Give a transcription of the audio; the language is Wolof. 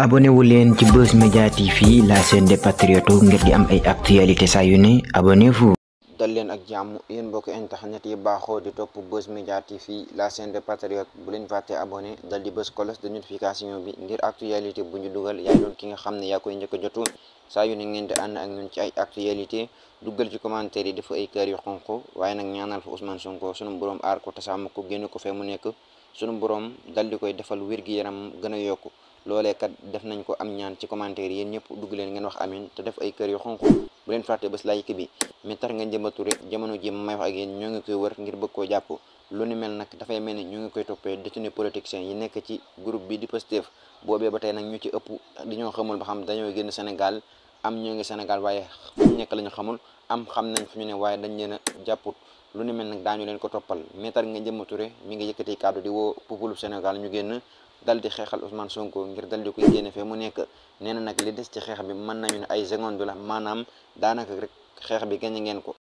abonné wu leen ci Buzz Media TV la chaîne des patriotes ngir di am ay actualité saa yu ne abonnez-vous. dal leen ak jàmm yéen mbokk internet yi baaxoo di topp Buzz Media TV la chaîne des patriotes bu leen fàtte abonné dal di bës cloche de notification bi ngir actualité bu ñu dugal yaa doon ki nga xam ne yaa koy njëkk a jotu saa yu ne ngeen di ànd ak ay actualité duggal ci commentaire yi dafa ay kër yu xonq waaye nag ñaanal fa Ousmane Sonko sunu borom aar ko ko génn ko fee mu nekk a yokku. loolee kat def nañ ko am ñaan ci commentaire yéen ñëpp dugg leen ngeen wax amin te def ay kër yu xonq bu leen fàtte bés like bi mi tar nga njëmbature jamono ji may wax ak yéen ñoo koy wër ngir bëgg koo jàpp lu mel nag dafay mel ni ñu ngi koy toppee détenu politiciens yi nekk ci groupe bi di Pastef boobee ba tey nag ñu ci ëpp dañoo xamul ba xam dañoo génn Sénégal am ñoo ngi Sénégal waaye fu ñu nekk la ñu xamul am xam nañ fu ñu ne waaye dañ leen a jàpput lu nu mel nag ñu leen ko toppal Maître Ngagne Demba Touré mi ngi yëkkati kàddu di woo peuple Sénégal ñu génn dal di xeexal Ousmane Sonko ngir dal di koy génne fee mu nekk nee na nag li des ci xeex bi mën nañu ne ay seconde la maanaam daanaka rek xeex bi gañ ngeen ko